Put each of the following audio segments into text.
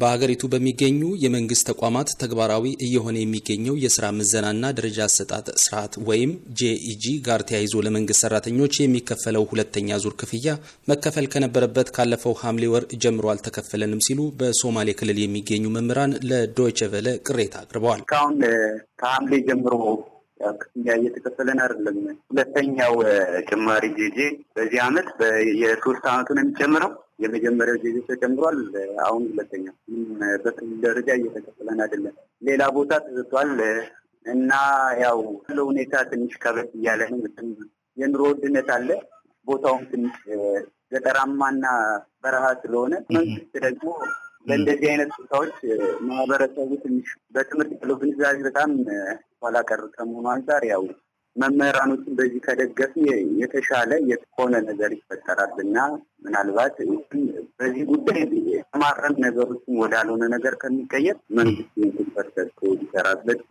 በሀገሪቱ በሚገኙ የመንግስት ተቋማት ተግባራዊ እየሆነ የሚገኘው የስራ ምዘናና ደረጃ አሰጣጥ ስርዓት ወይም ጄኢጂ ጋር ተያይዞ ለመንግስት ሰራተኞች የሚከፈለው ሁለተኛ ዙር ክፍያ መከፈል ከነበረበት ካለፈው ሐምሌ ወር ጀምሮ አልተከፈለንም ሲሉ በሶማሌ ክልል የሚገኙ መምህራን ለዶይቸ ቅሬታ አቅርበዋል። እስካሁን ከሐምሌ ጀምሮ ክፍያ እየተከፈለን አይደለም። ሁለተኛው ጭማሪ ጄጄ በዚህ አመት የሶስት አመቱ ነው የሚጨምረው። የመጀመሪያው ጄጄ ተጨምሯል። አሁን ሁለተኛ በክልል ደረጃ እየተከፈለን አይደለም። ሌላ ቦታ ተሰጥቷል እና ያው ያለው ሁኔታ ትንሽ ከበድ እያለ ነው። የኑሮ ውድነት አለ። ቦታውም ትንሽ ገጠራማና በረሃ ስለሆነ መንግስት ደግሞ በእንደዚህ አይነት ቦታዎች ማህበረሰቡ ትንሽ በትምህርት ያለው ግንዛቤ በጣም ኋላቀር ከመሆኑ አንጻር ያው መምህራኖችን በዚህ ከደገፍ የተሻለ የሆነ ነገር ይፈጠራል እና ምናልባት በዚህ ጉዳይ ማቅረብ ነገሮችን ወዳልሆነ ነገር ከሚቀየር መንግስት ንትፈርሰቶ ይሰራበት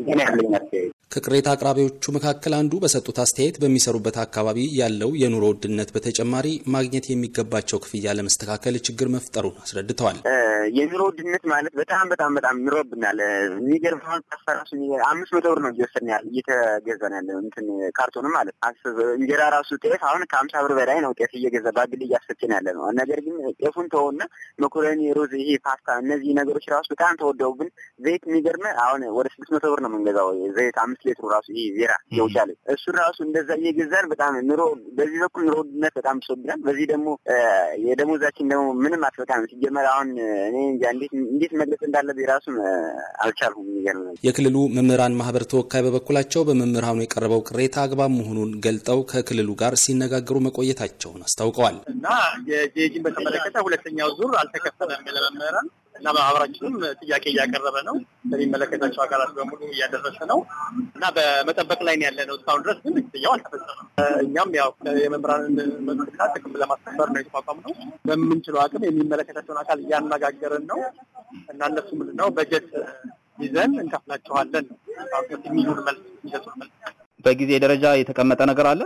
ይህን ያለኝ አስተያየት። ከቅሬታ አቅራቢዎቹ መካከል አንዱ በሰጡት አስተያየት በሚሰሩበት አካባቢ ያለው የኑሮ ውድነት በተጨማሪ ማግኘት የሚገባቸው ክፍያ ለመስተካከል ችግር መፍጠሩን አስረድተዋል። የኑሮ ውድነት ማለት በጣም በጣም በጣም ኑሮብናል። የሚገርመውን ራሱ አምስት መቶ ብር ነው እየወሰድን ያለ እየተገዛን ያለ እንትን ካርቶንም ማለት አስብ እንጀራ ራሱ ጤፍ አሁን ከአምሳ ብር በላይ ነው ጤፍ እየገዛ በግል እያሰጥን ያለ ነው። ነገር ግን ጤፉን ተወውና መኮረኒ፣ ሩዝ፣ ይሄ ፓስታ፣ እነዚህ ነገሮች ራሱ በጣም ተወደውብን። ዘይት የሚገርመ አሁን ወደ ስድስት መቶ ብር ነው የምንገዛው ዘይት አምስት ሌትሩ ራሱ ይሄ ዜራ የውጫለ እሱን ራሱ እንደዛ እየገዛን በጣም ኑሮ በዚህ በኩል ኑሮ ውድነት በጣም ሶብናል። በዚህ ደግሞ የደሞዛችን ደግሞ ምንም አትበቃም። ሲጀመር አሁን እኔ እንዴት መግለጽ እንዳለብኝ ራሱ አልቻልሁም። የሚገርም የክልሉ መምህራን ማህበር ተወካይ በበኩላቸው በመምህራኑ የቀረበው ቅሬታ አግባብ መሆኑን ገልጠው ከክልሉ ጋር ሲነጋገሩ መቆየታቸውን አስታውቀዋል እና የጄጂን በተመለከተ ሁለተኛው ዙር ተከፈለ የሚል መምህራን እና በማህበራችንም ጥያቄ እያቀረበ ነው። ለሚመለከታቸው አካላት በሙሉ እያደረሰ ነው እና በመጠበቅ ላይ ያለ ነው። እስካሁን ድረስ ግን ግጥያው አልተፈጸመም። እኛም ያው የመምህራንን መብትና ጥቅም ለማስከበር ነው የተቋቋም ነው። በምንችለው አቅም የሚመለከታቸውን አካል እያነጋገርን ነው እና እነሱ ምንድን ነው በጀት ይዘን እንከፍላቸዋለን የሚሉን መልስ የሚሰጡን መልስ በጊዜ ደረጃ የተቀመጠ ነገር አለ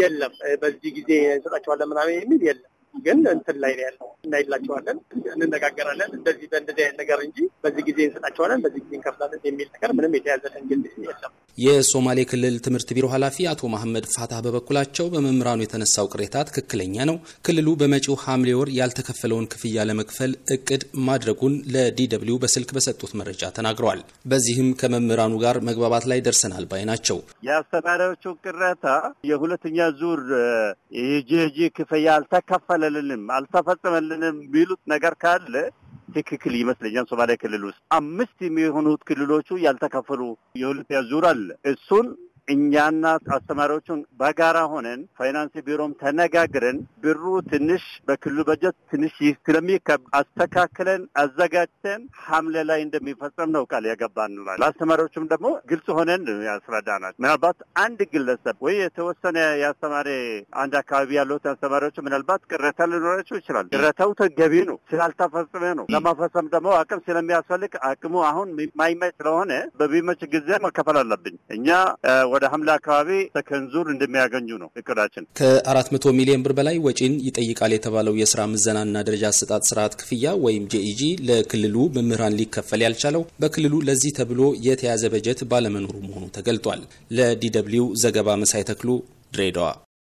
የለም። በዚህ ጊዜ እንሰጣቸዋለን ምናምን የሚል የለም። ግን እንትን ላይ ነው ያለው នៃលទ្ធផលហ្នឹង እንነጋገራለን እንደዚህ በእንደዚህ አይነት ነገር እንጂ በዚህ ጊዜ እንሰጣቸዋለን በዚህ ጊዜ እንከፍላለን የሚል ነገር ምንም የተያዘለን ግን የለም። የሶማሌ ክልል ትምህርት ቢሮ ኃላፊ አቶ መሐመድ ፋታህ በበኩላቸው በመምህራኑ የተነሳው ቅሬታ ትክክለኛ ነው። ክልሉ በመጪው ሐምሌ ወር ያልተከፈለውን ክፍያ ለመክፈል እቅድ ማድረጉን ለዲደብሊው በስልክ በሰጡት መረጃ ተናግረዋል። በዚህም ከመምህራኑ ጋር መግባባት ላይ ደርሰናል ባይ ናቸው። የአስተማሪዎቹ ቅሬታ የሁለተኛ ዙር የጂጂ ክፍያ አልተከፈለልንም፣ አልተፈጸመልንም የሚሉት ነገር ካለ ትክክል ይመስለኛል። ሶማሌ ክልል ውስጥ አምስት የሚሆኑት ክልሎቹ ያልተከፈሉ የሁለተኛ ዙር አለ። እሱን እኛና አስተማሪዎቹን በጋራ ሆነን ፋይናንስ ቢሮም ተነጋግረን ብሩ ትንሽ በክልሉ በጀት ትንሽ ስለሚከብ አስተካክለን አዘጋጅተን ሐምሌ ላይ እንደሚፈጸም ነው ቃል የገባን። ለአስተማሪዎቹም ደግሞ ግልጽ ሆነን ያስረዳናል። ምናልባት አንድ ግለሰብ ወይ የተወሰነ የአስተማሪ አንድ አካባቢ ያሉት አስተማሪዎች ምናልባት ቅሬታ ሊኖራቸው ይችላል። ቅሬታው ተገቢ ነው፣ ስላልተፈጸመ ነው። ለማፈጸም ደግሞ አቅም ስለሚያስፈልግ አቅሙ አሁን የማይመች ስለሆነ በሚመች ጊዜ መከፈል አለብኝ እኛ ወደ ሐምሌ አካባቢ ሰከንድ ዙር እንደሚያገኙ ነው እቅዳችን። ከአራት መቶ ሚሊዮን ብር በላይ ወጪን ይጠይቃል የተባለው የስራ ምዘናና ደረጃ አሰጣጥ ስርዓት ክፍያ ወይም ጄኢጂ ለክልሉ መምህራን ሊከፈል ያልቻለው በክልሉ ለዚህ ተብሎ የተያዘ በጀት ባለመኖሩ መሆኑ ተገልጧል። ለዲ ዘገባ መሳይ ተክሉ ድሬዳዋ